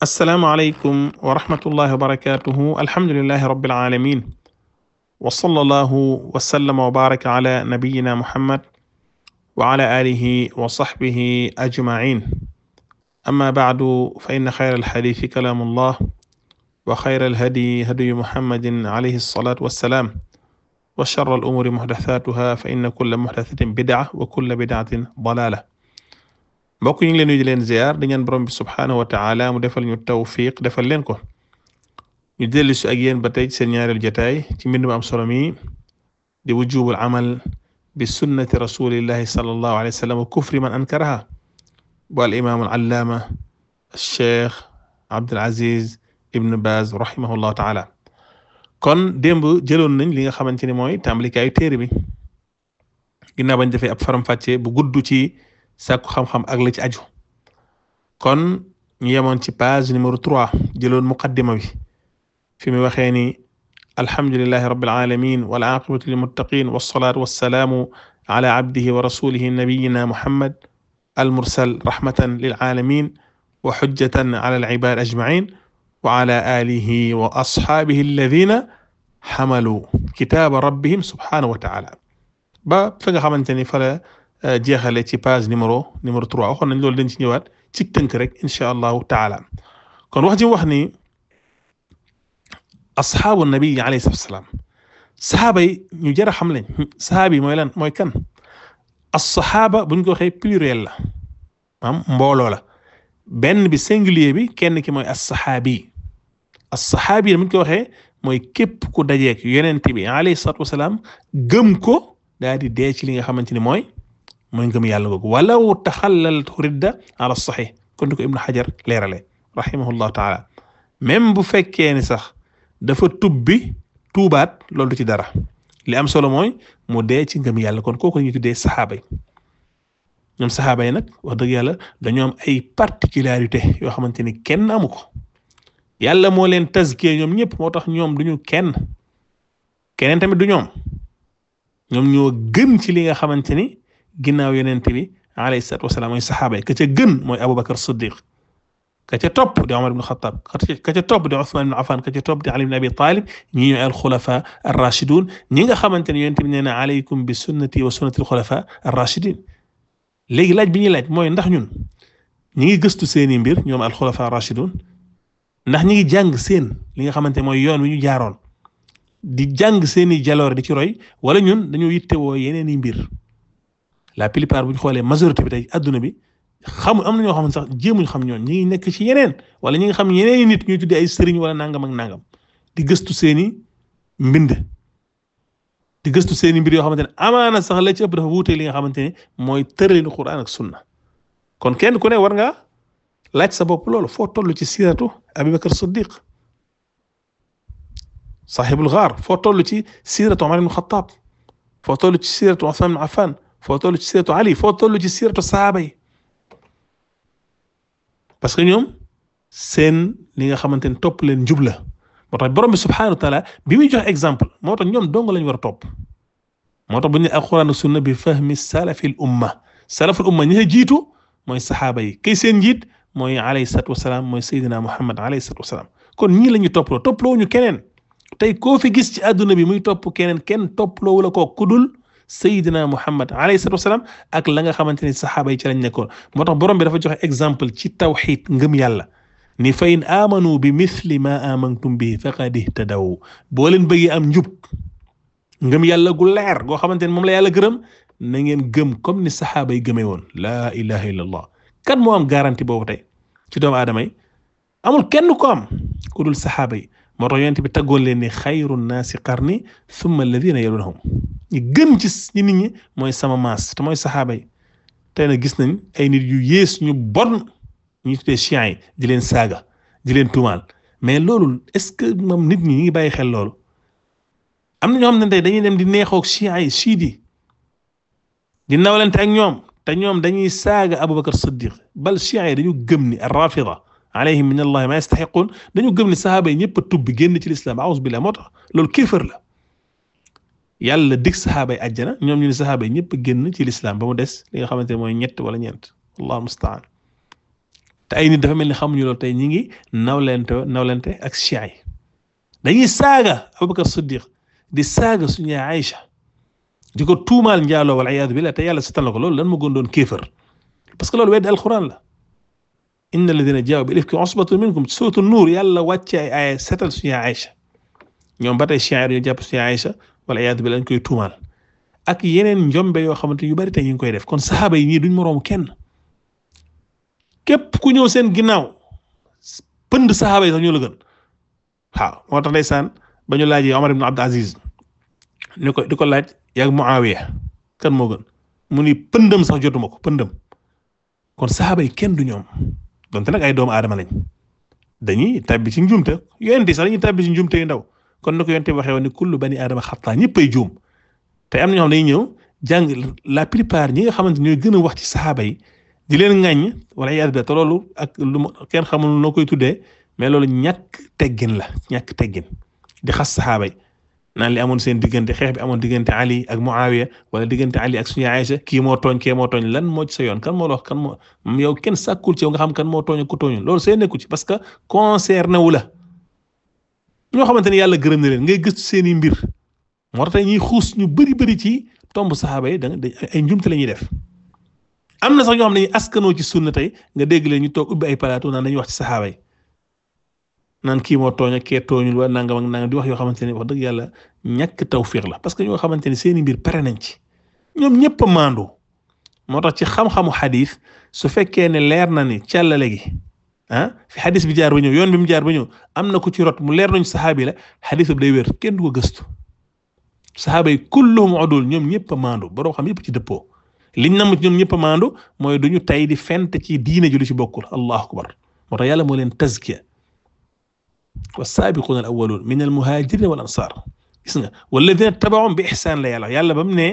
asalaamualeykum wa rahmatullahi wa barakatuhu alhamdulilahi rabbil alamin wa sallallahu wa sallama wa baraka ala nabiyina muhammad wa ala alihi wa sahbihi ajmain amma baadu fa inna xayra alxadiisi kalaamullah wa xayra alhadi hadiyu muhammadin alayhi salaatu wassalaam wa sharra al umuuri muhdasaatuha fa inna kulla muhdasatin bid'a wa kulla bid'atin dalaala mbokk ñu ngi leen di leen ziar di ñaan borom bi subhaanahu wa taala mu defal ñu tawfiq defal leen ko ñu dellusi ak yéen ba tey seen ñaareelu jotaay ci mbind mu am solo mi di wujubul amal bi sunnati rasulillahi sallallahu alayhi wa sallam wa kufri man ankaraha bu al imaam al allaama cheikh Abdul Aziz Ibn Baz rahimahullahu taala kon démb jëloon nañ li nga xamante ne mooy tàmbalikaayu téere bi ginnaaw bañ defee ab faram bu guddu ci. sàkku xam-xam ak la ci aju kon ñu yemoon ci page numéro trois jëloon muqaddima bi fi mu waxee ni alhamdulillahi rabbil alamin wal aqibatu lil muttaqin wassalatu wassalaamu ala abdihi wa rasulihi nabiyina muhammad al mursal rahmatan lil alamin wa hujjatan ala al ibad ajmain wa ala alihi wa ashabihi alladina xamalu kitaaba rabbihim subhanahu wa taala ba fa nga xamante ni fa la Euh, jeexale ci page numéro numéro trois waxoon nañ loolu dañ ci ñëwaat ci tënk rek incha allahu taala kon wax ji wax ni asxaabu nabi alayhi salaam saxaaba yi ñu jar a xam lañ saxaaba yi mooy lan mooy kan asxaaba buñ ko waxee pluriel la maam mbooloo la benn bi singulier bi kenn ki mooy asxaabi asxaabi yi buñ ko waxee mooy képp ku dajeek yonent bi alayhi salaatu gëm ko daal di dee ci li nga xamante ni mooy mooy ngëm yàlla googu walaw taxallalat da ala saxix kon ni ko ibnu xajar leerale rahimahullahu taala même bu fekkee ne sax dafa tubbi tuubaat loolu du ci dara li am solo mooy mu dee ci ngëm yàlla kon kooku ñu tuddee saxaaba yi ñoom saxaaba yi nag wax dëgg yàlla dañoo am ay particularité yoo xamante ni kenn amu ko yàlla moo leen tazkiya ñoom ñëpp moo tax ñoom duñu kenn keneen tamit du ñoom ñoom ñoo gën ci li nga xamante ni ginnaaw yeneen bi alayhi salaatu wasalaam mooy saxaaba yi ka ca gën mooy Aboubacar Siddiq ka ca topp di Omar ibn Khattab ka ca topp di Ousmane ibn Affan ka ca topp di Ali ibn Abi Talib ñi ñooy al xulafa ñi nga xamante ne yonent bi nee na aleykum bi sunnati wa sunnati al xulafa ar rachidin léegi laaj bi ñuy laaj mooy ndax ñun ñi ngi gëstu seeni mbir ñoom al xulafa ar rachidun ndax ñi ngi jàng seen li nga xamante mooy yoon wi ñu jaaroon di jàng seeni jaloor di ci roy wala ñun dañoo yittewoo yeneen i mbir la plupart bu ñu xoolee majorité bi tey adduna bi xamu am na ñoo xam ne sax jéemuñ xam ñoon ñi ngi nekk ci yeneen wala ñi nga xam yeneen nit ñuy tuddee ay sëriñ wala nangam ak nangam di gëstu seeni mbind di gëstu seeni mbir yoo xamante ne amaana sax la ci ëpp dafa wuute li nga xamante ne mooy tëralinu Qur'an ak sunna kon kenn ku ne war nga laaj sa bopp loolu foo toll ci siiratu Abubakar Siddiq saaxibul gaar foo toll ci siiratu Umar ibn Xattaab foo toll ci siiratu Usmaan ibn Affaan foo toll ci siiratu Ali foo toll ci siiratu saaba yi parce que ñoom seen li nga xamante ni topp leen njub la moo tax borom bi subhanahu wa taala bi muy jox exemple moo tax ñoom dong lañ war a topp moo tax bu ñu nee alquran sunna bi fahmi salafil umma salafil umma ñi jiitu mooy saxaaba yi kay seen njiit mooy alayhi salaatu wa salaam mooy Seydina Muhammad alayhi salaatu wa salaam kon ñii la ñu top topploo ñu keneen tey koo fi gis ci àdduna bi muy topp keneen kenn topploo la ko Seydina Muhammad alayhi salaatu wasalaam ak la nga xamante ni saxaaba yi ci lañ nekkoon moo tax borom bi dafa joxe exemple ci tawxiid ngëm yàlla ni fa in amanu bi misli ma amantum bi faqad ihtadaw boo leen bëggee am njub ngëm yàlla gu leer goo xamante ni moom la yàlla gërëm na ngeen gëm comme ni saxaaba yi gëmee woon laa ilaha illallah kan moo am garantie boobu tey ci doomu aadama yi amul kenn ko am ku dul saxaaba yi moo tax yonent bi taggoon leen ni xayru naasi qarni thumma alladina yalunahum ñu gën ci ñi nit ñi mooy sama maas te mooy saxaaba yi na nag gis nañ ay nit yu yées ñu bon ñu tuddee chiens yi di leen saaga di leen tuumaal mais loolu est-ce que moom nit ñi ñu ngi bàyyi xel loolu am na ñoo xam tey dañuy dem di neexoog chiens yi siid yi di nawlante ak ñoom te ñoom dañuy saaga Aboubacar Siddiq bal chiens yi dañu gëm ni ar-rafida alayhim min allahi ma yastaxiqun dañu gëm ni saxaaba yi ñëpp a tubbi génn ci lislaam a'uuzu billah moo tax loolu kéefër la yàlla dig saxaaba yi àjjana ñoom ñu ne saxaaba yi ñëpp génn ci lislaam ba mu des li nga xamante ne mooy ñett wala ñeent allah mustaan te ay nit dafa mel ni xamuñu loolu tey ñi ngi nawlente nawlente ak siyaay dañuy saaga Abubakar Siddiq di saaga suñu yaay Aïcha di ko tuumaal njaaloo wala iyaadu billah te yàlla setal na ko lan ma gën doon kéefër parce que loolu weddi alquran la inna alladina jaaw bi ifki usbatun yàlla wàcce ay aaya setal suñu ñoom ba tey siyaay dañoo jàpp suñu yaay wala iyaatu bi lañ koy tuumaal ak yeneen njombe yoo xamante yu bari te ñu ngi koy def kon saxaaba yi ñii duñ moroomu kenn képp ku ñëw seen ginnaaw pënd saxaaba yi sax ñoo la gën moo tax ndeysaan ba ñu laajee Omar ibn Abdul Aziz ni ko di ko laaj mu Muawiya kan moo gën mu ni pëndëm sax jotuma ko pëndam kon saxaaba yi kenn du ñoom donte nag ay doomu aadama lañ dañuy tabbi ci njumte yonent sax dañuy tabbi ci njumte yu ndaw kon na ko yonte waxee woon ne kullu bani aadama xataa ñëppay juum te am na ñoo xam ne ñëw jàng la plupart ñi nga xamante ñooy gën a wax ci saxaaba yi di leen ŋaññ wala yaa te loolu ak lu kenn xamul noo koy tuddee mais loolu ñàkk teggin la ñàkk teggin di xas saxaaba yi naan li amoon seen diggante xeex bi amoon diggante Ali ak Muawiya wala diggante Ali ak suñu Aïcha kii moo tooñ kee moo tooñ lan moo ci sa yoon kan moo la wax kan moo yow kenn sàkkul ci yow nga xam kan moo tooñ ku tooñul loolu ci parce que concerné wu la ñoo xamante ni yàlla gërëm na leen ngay gëstu seen mbir moo tax ñuy xuus ñu bëri bëri ci tomb saxaaba yi da ay njumte la ñuy def am na sax ñoo xam ne askanoo ci sunna tey nga dégg ñu toog ubbi ay plateau naan wax ci saxaaba yi naan kii moo tooñ ak kee tooñul waa nangam ak nangam di wax yoo xamante ne wax dëgg yàlla ñàkk tawfiq la parce que ñoo xamante ni seen i pare nañ ci ñoom ñëpp a maandu moo tax ci xam-xamu xadiis su fekkee ne leer na ni càllale gi ah fi xadis bi jaar ba ñëw yoon bi mu jaar ba ñëw am na ku ci rot mu leer nañu saxaabi la xadis bi day wér kenn du ko gëstu saxaaba yi kulluhum udul ñoom ñëpp a maandu borom xam yëpp ci dëppoo liñ namm ci ñoom ñëpp a maandu mooy du ñu tay di fent ci diine ju lu ci bokkul allahu akbar moo tax yàlla moo leen tazkiya wassaabiquuna al awwaluun min al muhaajiriina wal ansaar gis nga walladina tabaahum bi ihsaan la yàlla yàlla ba mu ne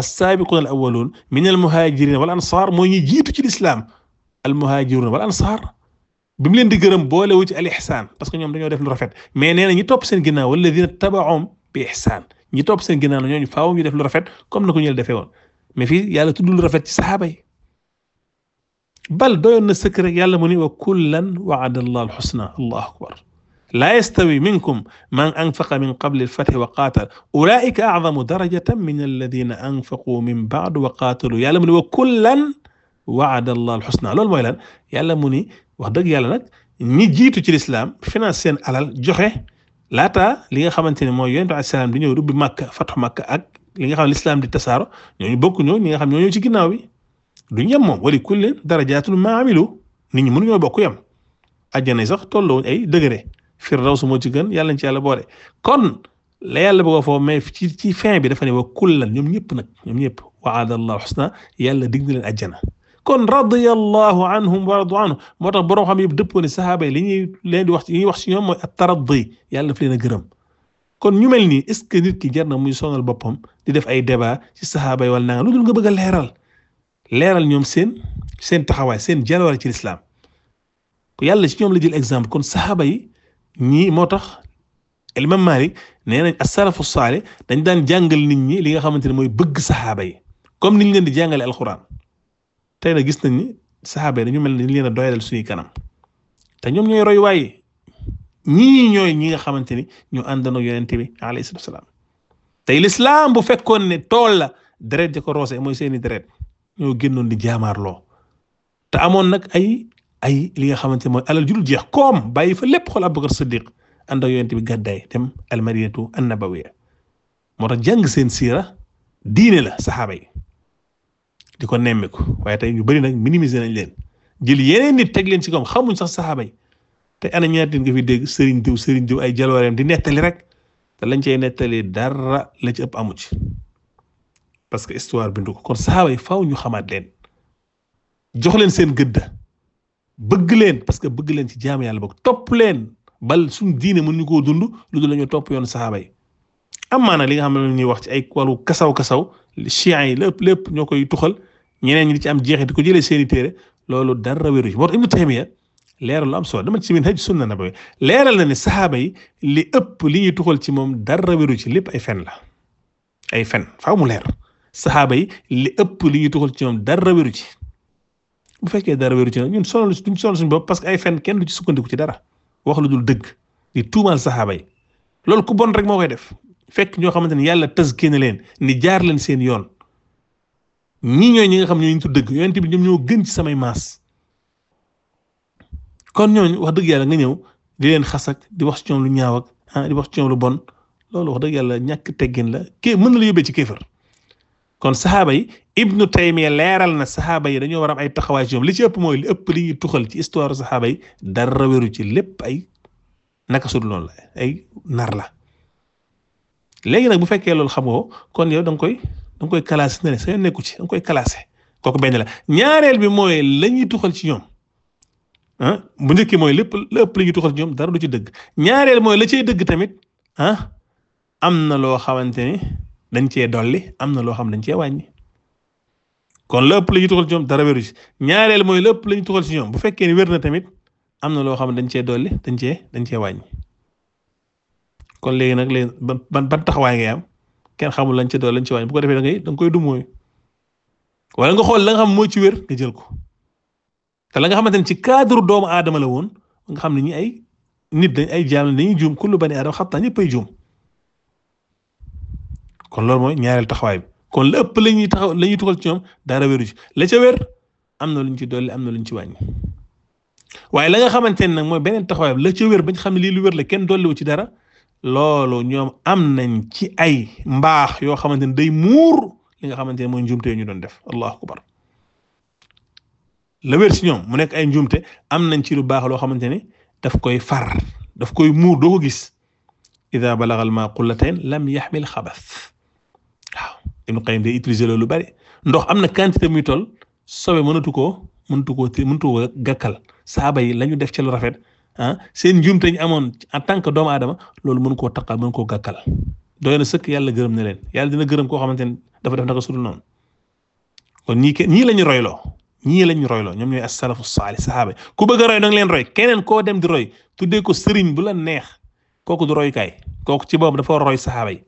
assaabiquuna al awwaluun min al muhaajiriina wal ansaar mooy ñi jiitu ci lislaam al muhaajiruna wal ansaar bi mu leen di gërëm boolewu ci al ihsaan parce que ñoom dañoo def lu rafet mais nee na ñi topp seen ginnaaw walladina tabaahum bi ihsaan ñi topp seen ginnaaw la ñooñu faaw ñu def lu rafet comme na ko ñu defee woon mais fii yàlla tudd lu rafet ci saxaaba yi bal doyoon na sëkk rek yàlla mu ni wa kullan waada allah alxusna allahu akbar laa yastawi minkum man anfaqa min qabli alfatxi wa qaatal ulaika acdamu darajatan min alladina anfaqu min baad wa qaatalu yàlla mu ni wa kullan waada allah alxusna loolu mooy lan yàlla mu ni wax dëgg yàlla nag ñi jiitu ci lislaam finance alal joxe laata li nga xamante ne mooy yonent bi alayhi salaam di ñëw rubbi Makka fatxu Makka ak li nga xam ne lislaam di tasaaro ñooñu bokkuñoo ñi nga xam ñoo ñëw ci ginnaaw bi duñ yem moom wali kullin darajaatul maamilu nit ñi mënuñoo bokk yem àjjana sax tolloo ay degré firdaws moo ci gën yàlla nañ ci yàlla boole kon la yàlla bëgg foofu mais ci ci fin bi dafa ne wa kullan ñoom ñëpp nag ñoom ñëpp waadallahu xusna yàlla dig na leen àjjana kon radiyallahu anhum wa radu moo tax borom xam yëpp dëppoo ne saxaaba yi li ñuy leen di wax li ñuy wax ci ñoom mooy at taraddi yàlla daf a gërëm kon ñu mel nii est-ce que nit ki jar na muy sonal boppam di def ay débat ci saxaaba yi nanga lu dul nga bëgg a leeral leeral ñoom seen seen taxawaay seen jaloore ci lislaam yàlla ci ñoom la jël exemple kon saxaaba yi ñii moo tax Imam Malik nee nañ as-salafu saalih dañ daan jàngal nit ñi li nga xamante ne mooy bëgg saxaaba yi comme niñ leen di jàngale alxuraan tey nag gis nañ ni saxaaba yi dañu mel ni leen a doyalal suñuy kanam te ñoom ñooy roy waaye ñii ñooy ñi nga xamante ni ñu àndandoo yonent bi alayhi salaatu wasalaam tey lislaam bu fekkoon ne tool la deret ja ko mooy seeni deret ñoo génnoon di jaamaarloo te amoon nag ay ay li nga xamante mooy alal judul jeex koom bàyyi fa lépp xool Abubakar Siddiq ànd ak yonent bi gàddaay dem almadinatu annabawiya moo tax jàng seen siira diine la saxaaba yi di ko nemmiku waaye tey ñu bari nag minimiser nañ leen jël yeneen nit teg leen ci kawam xamuñ sax saxaaba yi te ana ñaata nga fi dégg sëriñ diw sëriñ diw ay jalooreem di nettali rek te lañ cay nettali dara la ci ëpp amu ci parce que histoire bindu ko kon saxaaba faw ñu xamaat leen jox leen seen gëdd bëgg leen parce que bëgg leen ci jaamu yàlla bokk topp leen bal suñ diine mën ñu koo dund lu dul la topp yoon saxaaba yi amaa nag li nga xam ne ñuy wax ci ay wàllu kasaw kasaw chiites yi lépp lépp ñoo koy tuxal ñeneen ñi di ci am jeexit ko jëlee seeni téere loolu dara wéru ci moo tax Ibnu Taymiya leeral lu am solo dama ci Minhaj Sunna Nabawi leeral na ne saxaaba yi li ëpp ñuy tuxal ci moom dara wéru ci lépp ay fen la ay fen faaw mu leer saxaaba yi li ëpp li ñuy tuxal ci moom dara wéru ci bu fekkee dara wéru ci nag ñun sonal duñ sonal suñu bopp parce que ay fen kenn du ci sukkandiku ci dara wax lu dul dëgg di tuumaal saxaaba yi loolu ku bon rek moo koy def fekk ñoo xamante ni yàlla tëskee na leen ni jaar leen seen yoon ñii ñoo ñi nga xam ñoo ñu tudd dëgg yonent bi ñoom ñoo gën ci samay maas kon ñooñu wax dëgg yàlla nga ñëw di leen xas di wax ci ñoom lu ñaaw ak ah di wax ci ñoom lu bon loolu wax dëgg yàlla ñàkk teggin la kii mën na la yóbbee ci kéefar kon saxaaba yi ibnu taymiya leeral na saxaaba yi dañoo war am ay taxawaay ci ñoom li ci ëpp mooy li ëpp li ñuy tuxal ci histoire saxaaba yi dara wéru ci lépp ay naka sudul noonu la ay nar la léegi nag bu fekkee loolu xamoo kon yow da koy da nga koy classé ne sa nekku ci da koy classé kooku benn la ñaareel bi mooy la ñuy tuxal ci ñoom ah bu njëkki mooy lépp lépp la ñuy tuxal ci ñoom dara du ci dëgg ñaareel mooy la cay dëgg tamit ah, am na loo xamante ni dañ cee dolli am na loo xam dañ cee wàññi kon lépp la ñuy tuxal ci dara wéru ci ñaareel mooy lépp la ñuy tuxal ñoom bu fekkee ni wér na tamit am na loo xam dañ cee dolli dañ cee dañ cee wàññi kon léegi nag léegi ban ban taxawaay ngay am kenn xamul lañ ci doon lañ ci wàññi bu ko defee da ngay da nga koy dumooy wala nga xool la nga xam ci wér nga ko te la nga xamante ne ci cadre doomu aadama la woon nga xam ne ñi ay nit dañ ay jaam dañuy juum kullu bani aadama xataa ñëpp ay juum kon loolu mooy ñaareel taxawaay kon la ëpp la ñuy taxaw la ñuy ci ñoom dara wéru ci la ca wér am na luñ ci dolli am na luñ ci wàññi waaye la nga xamante ne nag mooy beneen taxawaay la ca wér bañ xam ne lii lu wér la kenn dolliwu ci dara loolu ñoom am nañ ci ay mbaax yoo xamante ne day muur li nga xamante ne mooy njumte ñu doon def allahu akbar la si ñoom mu nekk ay njuumte am nañ ci lu baax loo xamante ne daf koy far daf koy muur doo ko gis ida balaga al maa qullatayn lam yaxmil xabas waaw Ibn Qayyim day utiliser loolu bari ndox am na quantité muy toll sobe mënatu koo mënatu koo mënatu koo gàkkal saaba yi la def ci lu rafet ah seen njuumte ñu amoon en tant que doomu aadama loolu mën koo taqal mën koo gàkkal doy na sëkk yàlla gërëm na leen yàlla dina gërëm ko xamante ne dafa def naka sudul noonu kon nii kenn ñii la ñu royloo ñii la ñu royloo ñoom ñooy as-salafu saalih saxaaba ku bëgg roy da nga leen roy keneen ko dem di roy tuddee ko sëriñ bu la neex kooku du roykaay kooku ci boobu dafa roy saxaaba yi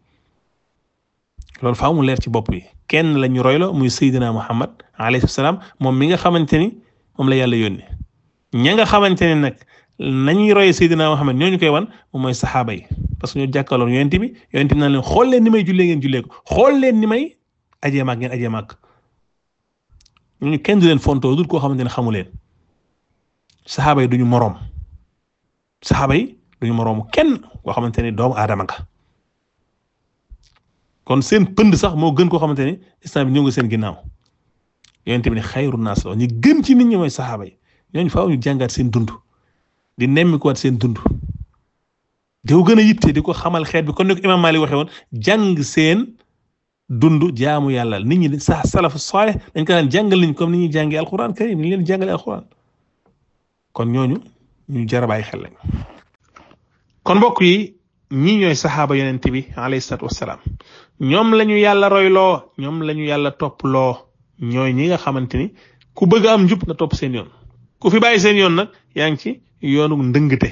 loolu faaw mu leer ci bopp bi kenn la ñu royloo muy Seydina Muhammad alayhi salaam moom mi nga xamante ni moom la yàlla yónni ña nañuy royee Seydina Muhammad ñooñu koy wan moom mooy saxaaba yi que ñoo jàkkaloon yonent bi yonent bi na leen xool leen ni may jullee ngeen jullee ko xool leen ni may ajee màgg ngeen ajee màgg ñooñu kenn du leen fontoo dul koo xamante ne xamu leen saxaaba yi duñu moroom saxaaba duñu moroomu kenn koo xamante ne doomu aadama nga kon seen pënd sax moo gën koo xamante ne instant bi ñëw seen ginnaaw yonent xayru naas la ñu gën ci nit ñi mooy saxaaba yi ñooñu faaw ñu jàngaat seen dund. di nemmikuwaat seen dund di ko gën a yitte di ko xamal xeet bi kon ni ko imaam Maalik waxee woon jàng seen dund jaamu yàlla nit ñi sa salafu saalih dañ ko daan jàngal niñ ñuy jàngee alquran karim ni leen jàngalee alquran kon ñooñu ñu jar a bàyyi kon mbokk yi ñii ñooy saxaaba yonent bi alayhi salaatu wassalaam ñoom la ñu yàlla royloo ñoom la ñu yàlla topploo ñooy ñi nga xamante ni ku bëgg am njub nga topp seen yoon ku fi bàyyi seen yoon nag yaa yoonu ndëngte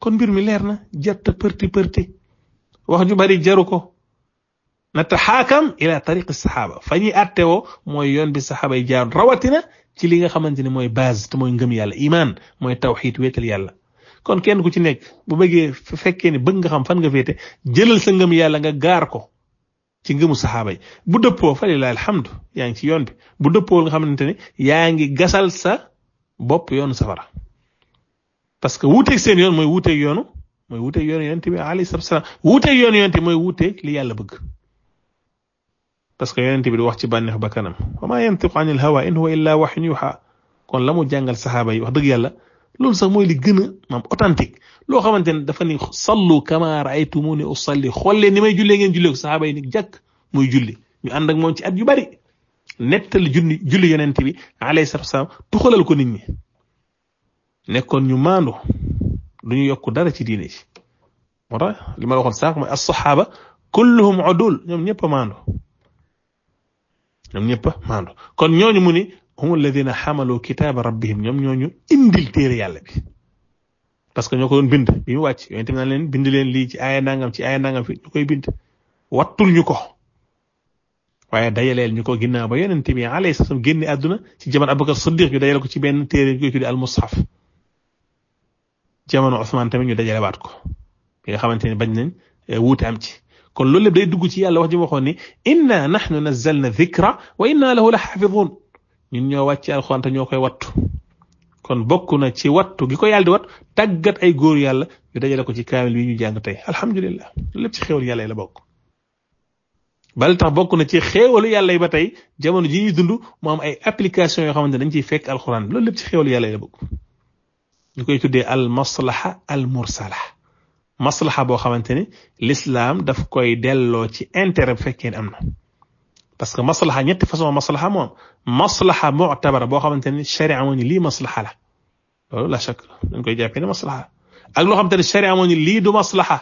kon mbir mi leer na jarta përti përti wax ju bari jaru ko na taxaakam ila tariqi saxaaba fa ñuy attewoo mooy yoon bi saxaaba yi jaar rawatina ci li nga xamante ne mooy base te mooy ngëm yàlla imaan mooy tawxiid wéetal yàlla kon kenn ku ci nekk bu bëggee fekkee ni bëgg nga xam fan nga féete jëlal sa ngëm yàlla nga gaar ko ci ngëmu saxaaba yi bu dëppoo fa lilahi alhamdu yaa ngi ci yoon bi bu dëppoo nga xamante ne yaa ngi gasal sa bopp yoonu safara parce que wuuteeg seen yoon mooy wuuteeg yoonu mooy wuuteeg yoonu bi alayhi salaatu wa salaam wuuteeg mooy wuuteeg li yàlla bëgg parce que yonent bi di wax ci bànneex ba kanam wa maa yantiqu anil wax in huwa illaa kon la mu jàngal saxaaba yi wax dëgg yàlla loolu sax mooy li gën a maam authentique loo xamante ne dafa ni sallu kama raaytumuni usalli xool leen ni may jullee ngeen jullee ko saxaaba yi ni jàkk muy julli ñu ànd ak moom ci at yu bari nettal julli julli yonent bi alayhi salaatu wa salaam tuxalal ko nit ñi nekkoon ñu maandu du ñu yokk dara ci diine ji moo tax li ma waxoon sànq mooy as-saxaaba kulluhum udul ñoom ñëpp a maandu ñoom ñëpp a maandu kon ñooñu mu ni hum alladina xamalu kitaaba rabbihim ñoom ñooñu indil téere yàlla bi parce que ñoo ko bind bi mu wàcc yooyu tamit leen bind leen lii ci aaya nangam ci aaya nangam fi ñu koy bind wattul ñu ko waaye dajaleel ñu ko ginnaaw ba yonent bi sa salaam génne àdduna ci jamono Abubakar Siddiq ñu dajale ko ci benn téere ñu koy tuddi jamono Ousmane tamit ñu dajale waat ko bi nga xamante ni bañ nañ eh, wuute am ci kon loolu lépp day dugg ci yàlla wax ji waxoon ni inna nahnu nazzalna dhikra wa inna lahu la xaafidun ñun ñoo wàcc alxuraan te ñoo koy wattu kon bokk na ci wattu gi ko yàlla di wat tàggat ay góor yàlla ñu dajale ko ci kaamil bi ñu jàng tey alhamdulillah loolu lépp ci xéewal yàlla yi la bokk bal tax bokk na ci xéewalu yàlla ba tey jamono ji ñuy dund maam ay application yoo xamante dañ ciy fekk alxuraan loolu lépp ci xéewalu yàlla yi la ñu koy tuddee al maslaha al mursala maslaha boo xamante ni l'islam daf koy delloo ci intérêt bu fekkee ne am na parce que maslaha ñetti façon maslaha moom maslaha mu'tabara boo xamante ni sharia moo ni lii maslaha la loolu la chak dañ koy jàppee ne maslaha ak loo xamante ni sharia moo ni lii du maslaha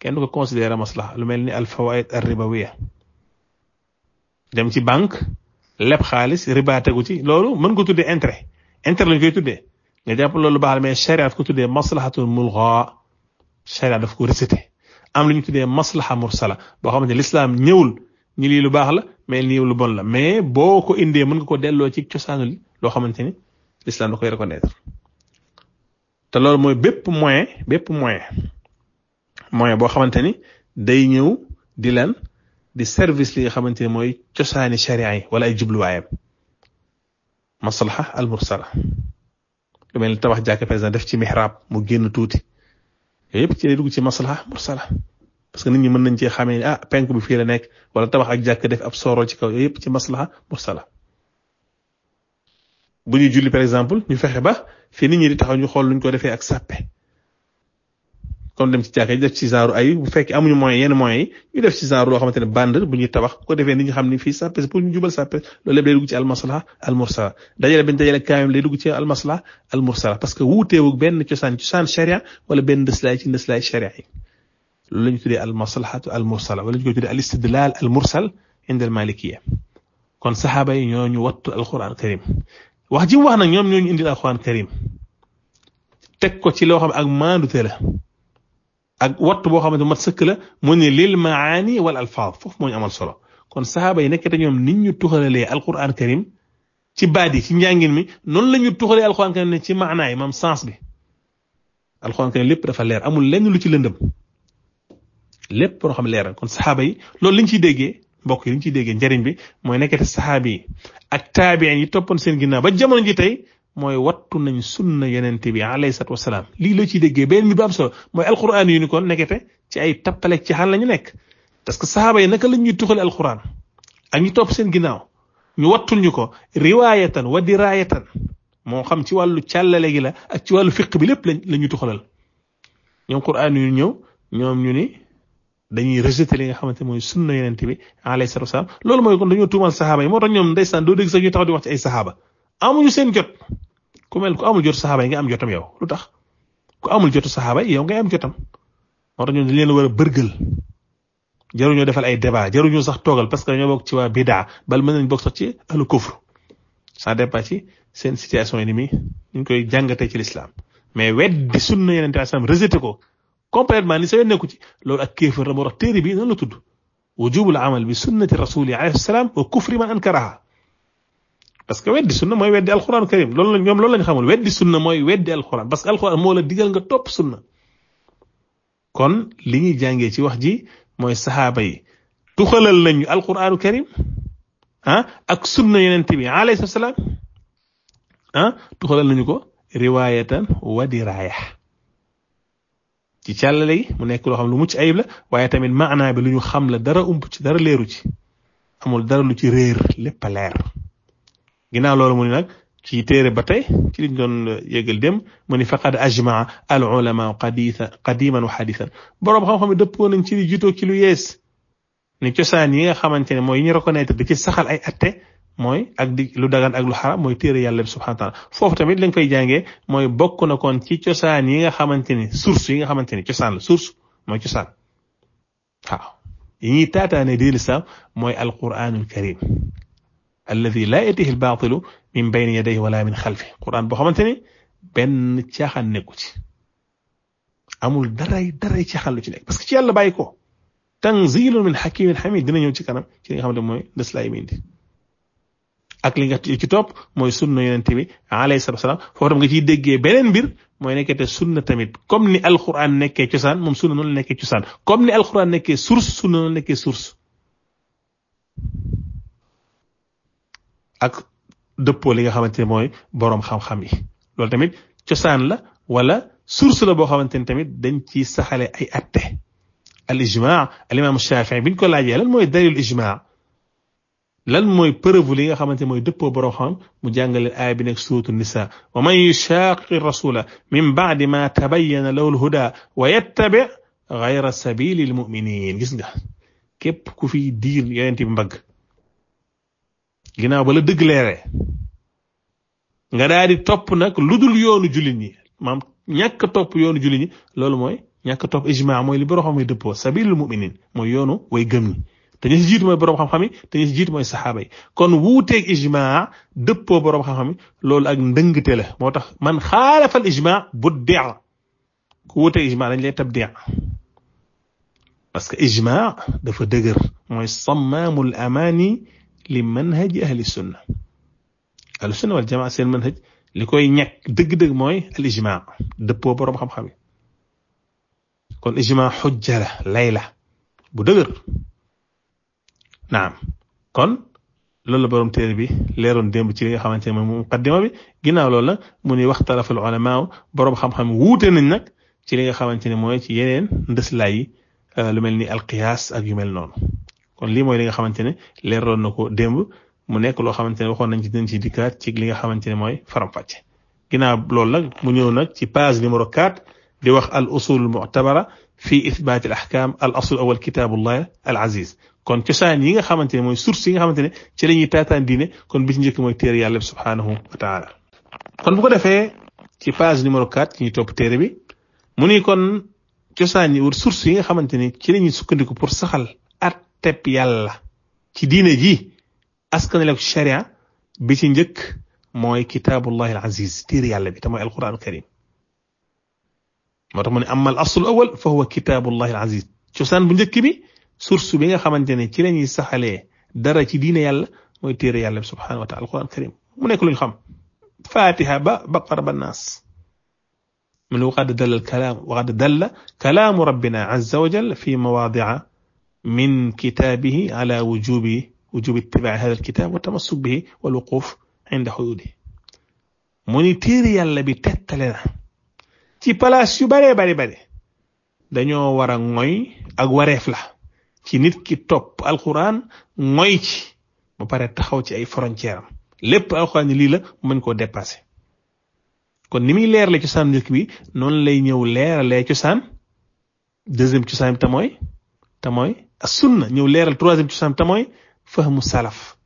kenn du ko considéré maslaha lu mel ni al fawaid ar ribawiya dem ci banque leb xaalis riba tegu ci loolu mën ko tuddee intérêt intérêt lañ koy tuddee nga jàpp loolu baax la mais sharia daf ko tuddee maslahatul mulgha sharia daf ko rejeté am lu ñu tuddee maslaha mursala boo xamante ne l'islam ñëwul ñu lii lu baax la mais lii lu bon la mais boo ko indee mën nga ko delloo ci cosaanu li loo xamante ni l'islam da koy reconnaître te loolu mooy bépp moyen bépp moyen moyen boo xamante ni day ñëw di lan di service li nga xamante ni mooy cosaani sharia yi wala ay jubluwaayam maslaha al lu mel ni tabax jàkka par exemple def ci mihrab mu génn tuuti yooyu yëpp ci lay dugg ci maslaha mursala parce que nit ñi mën nañ cee xamee ah penk bu fii la nekk wala tabax ak jàkk def ab sooro ci kaw yooyu yëpp ci maslaha mursala bu ñuy julli par exemple ñu fexe ba fi nit ñi di taxaw ñu xool luñ ko defee ak sappe kon dem ci jàkka bu fekkee amuñu moyens yenn moyens yi ñu def ci genre loo xamante ne bande bu ñuy tabax bu ko defee ni ñu xam ni fii sàppe pour ñu jubal sàppe loolu lépp day dugg ci almaslaha almursala dajale bañ dajale kaamim lay dugg ci almaslaha almursala parce la ñu tuddee almaslahatu almursala wala ñu koy tuddee al istidlal almursal inda al malikiya yi ñoo ñu wattu alquran karim wax ji mu wax ñoom ñoo ñu indil alquran karim teg ko ci loo xam ak maandute la ak wattu boo xam xamante mat sëkk la mu ne lil maani wal alfaad foofu moo ñu amal solo kon saxaaba yi nekk te ñoom nit ñu tuxalalee alquran karim ci baat yi ci njàngin mi noonu la ñu tuxalee alquran karim ne ci maanaay maam sens bi alquran karim lépp dafa leer amul lenn lu ci lëndëm lépp loo xam leeral kon saxaaba yi loolu liñ ciy déggee mbokk yi liñ ciy dégge njariñ bi mooy nekk te saxaaba yi ak taabiyaan yi toppoon seen ginnaaw ba jamono ji tey mooy wattu nañ sunna yeneen bi alayhi salaatu wasalaam lii la ciy déggee benn bi ba am solo mooy alquran yu ni kon nekkete ci ay tappalek ci xaan la ñu nekk parce que saxaaba yi naka la ñuy tuxale alquran ak ñu topp seen ginnaaw ñu wattul ñu ko riwaayatan wa diraayatan moo xam ci wàllu càllale gi la ak ci wàllu fiq bi lépp lañ la ñuy tuxalal ñoom quran yu ñëw ñoom ñu ni dañuy rejeté li nga xamante mooy sunna yenente bi alayhi salaatu wasalaam loolu mooy kon dañoo tuumal saxaaba yi moo tax ñoom ndeysaan doo dégg sax ñu taxaw di wax ci ay saxaaba amuñu seen jot ku mel ku amul jot saxaaba yi nga am jotam yow lu tax ku amul jotu saxaaba yi yow ngay am jotam moo tax ñun dañ leen war a bërgël jaruñoo defal ay débat jaruñoo sax toogal parce que ñoo bokk ci waa bidaa bal mën nañ bokk sax ci ahlu kufr ça dépend ci seen situation yi ni mi ñu koy jàngatee ci l'islam mais weddi sunna yeneen te islam rejeté ko complètement ni sa yoon nekku ci loolu ak kéefër la moo tax bi nan la tudd wujubul amal bi sunnati rasuli alayhi salaam wa parce que weddi sunna mooy weddi alxuraan karim loolu la ñoom loolu lañ xamul weddi sunna mooy weddi alxuraan parce que alxuraan moo la digal nga topp sunna kon li ñuy jàngee ci wax ji mooy saxaaba yi tuxalal nañu alxuraanu karim ah, ak sunna yonent bi alayhi salaam ah, tuxalal nañu ko riwaayatan wa diraaya mu nekk loo xam lu mucc ayib la waaye tamit maanaa bi lu ñu xam la dara ump ci dara leeru ci amul dara lu ci réer lépp leer ginnaaw loolu mu ni nag ci téere ba tey ci liñ doon euh, yëgal dem mu ni faqad ajmaa al ulama qadisa qadiman wa hadisan boroom xam-xam yi dëppoo nañ ci li jutoo ci lu yees ni cosaan yi nga xamante ne mooy yi ñu ci saxal ay atte mooy ak di lu ak lu mooy téere yàlla bi subhanahu foofu tamit lañ koy jàngee mooy bokk na kon ci cosaan yi nga xamante ni source yi nga xamante ni cosaan la source mooy cosaan waaw yi ñuy taataane di lislaam mooy alquranul karim alladi laa yatihi albaatilu min bayni yadayhi wala min xalfi quran boo xamante ni benn caaxaan nekku ci amul daray daray caaxaan lu ci nekk parce que ci yàlla bàyyi ko tanzilun min xakimin xamid dina ñëw ci kanam ci li nga xamante mooy des laay mindi ak li nga ci topp mooy sunna yonente bi alayhi salatu wasalam foofu tam nga ciy déggee beneen mbir mooy nekkee te sunna tamit comme ni alquran nekkee cosaan moom sunna noonu la cosaan comme ni alquran nekkee source sunna noonu la nekkee source ak dëppoo li nga xamante ne mooy boroom xam-xam yi loolu tamit cosaan la wala source la boo xamante ni tamit dañ ci saxale ay atte al ijma al imam Shafii bi ñu ko laajee lan mooy dalil ijma lan mooy preuve li nga xamante mooy dëppoo boroom xam mu jàngale aaya bi nekk suuratu nisa wa man yushaqi rasula min baadi ma tabayyana lahu lhuda wa yattabi gayra sabili lmuminin gis nga képp ku fi diir yonent bi mbagg ginnaaw ba la dëgg leeree nga daal di topp nag lu dul yoonu jullit ñi maam ñàkk topp yoonu jullit ñi loolu mooy ñàkk topp ijma mooy li borom xam-xam yi dëppoo sabilul muminin mooy yoonu way gëm ñi te ñu si jiitu mooy borom xam-xam te ñu si jiitu mooy saxaaba yi kon wuuteeg ijma dëppoo boroom xam-xam loolu ak ndëngte la moo tax man xaalafal ijma bu deex ku wuuteeg ijma dañ lay tab deex parce que ijma dafa dëgër mooy samaamul amaani. li manhaji ahli sunna ahli sunna wal jamaa seen manhaj li koy ñekk dëgg-dëgg mooy al ijmaa dëppoo boroom xam-xam kon ijmaa xujja la lay la bu dëgër naam kon loolu borom téere bi leeroon démb ci li nga xamante ne moom muqaddima bi ginnaaw loolu la mu ni waxtalafa al ulamaa boroom xam-xam wuute nañ nag ci li nga xamante ne mooy ci yeneen ndëslaay yi euh, lu mel ni alqiyaas ak yu mel noonu kon lii mooy li nga xamante ne leeroon na ko démb mu nekk loo xamante ne waxoon nañ ci dinañ ci dikkaat ci li nga xamante ne mooy faram-fàcce ginnaaw loolu nag mu ñëw nag ci page numéro 4 di wax al usul al mu'tabara fi ithbat al ahkam al asl awal kitabullah al aziz kon cosaan yi nga xamante ne mooy source yi nga xamante ne ci la ñuy taataan diine kon bi ci njëkk mooy téere yàlla bi subhanahu wa kon bu ko defee ci page numéro 4 ci ñu topp téere bi mu ni kon cosaan yi wala source yi nga xamante ne ci la ñuy sukkandiku pour saxal teb yàlla ci diine ji askanale ko sharia bi ci njëkk mooy kitaabullahi al aziz téere yàlla bi te mooy alquran karim moo tax mu ne amma al aslu awal fa huwa kitaabullahi al aziz cosaan bu njëkk bi source bi nga xamante ne ci la ñuy saxalee dara ci diine yàlla mooy téere yàlla bi subhanahu wa taala alquran karim mu nekk lu ñu xam fatiha ba baqara ba naas mu ne waqad dalla al kalaam waqad dalla kalaamu rabbina azza wa jalla fi mawaadi'a min kitaabihi ala wujubi wujubi ittibaai hada alkitab wa tamassuk bihi wal wuquf inda xuduudihi mu ni téere yàlla bi tettale na ci palaas yu bare bari bari dañoo wara a ngoy ak wareef la ci nit ki topp alquran ngoy ci ba pare taxaw ci ay frontière am lépp alquran ni lii la mën koo dépassé kon ni muy leerale cosaan njëkk bi noonu lay ñëw leeralee cosaan deuxième cosaan bi sunna ñëw leeral troisième cosaan te mooy fahmu salaf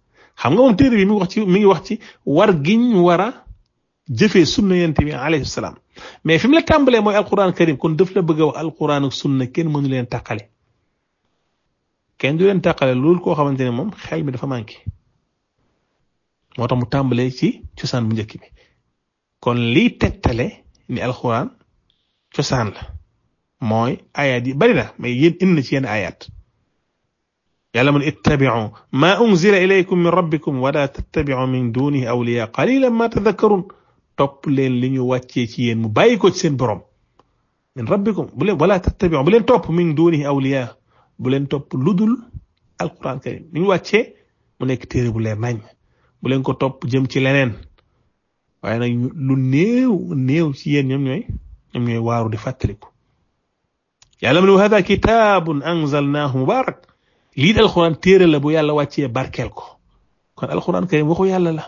xam nga moom téere bi mi ngi wax ci mi ngi wax ci war giñ war a jëfee sunna yonent bi alayhi salaam mais fi mu la tàmbalee mooy alquran karim kon daf la bëgg a wax alquran sunna kenn mënu leen tàqale kenn du leen tàqale loolu koo xamante ne moom xel mi dafa manqué moo tax mu tàmbalee ci cosaan bu njëkk bi kon lii tegtale ni alquran cosaan la mooy ayaat yi bari na mais yéen indi na ci yenn ayaat yàlla mun ittabi'u ma unzila ilaykum min rabbikum wala tattabi'u min dunihi awliya qalilan ma tadhakkarun topp leen li ñu wàccee ci yéen mu bàyyi ci seen borom min rabbikum bu leen wala tattabi'u bu leen topp min dunihi awliya bu leen topp ludul alquran karim li ñu wàccee mu nekk téere bu leer nañ bu leen ko topp jëm ci leneen waaye nag lu néew néew ci ñoom ñooy ñoom ñooy di fàttaliku yàlla mun hada kitabun anzalnahu mubarak lii di alxuraan téere la bu yàlla wàccee barkeel ko kon alxuraan kay waxu yàlla la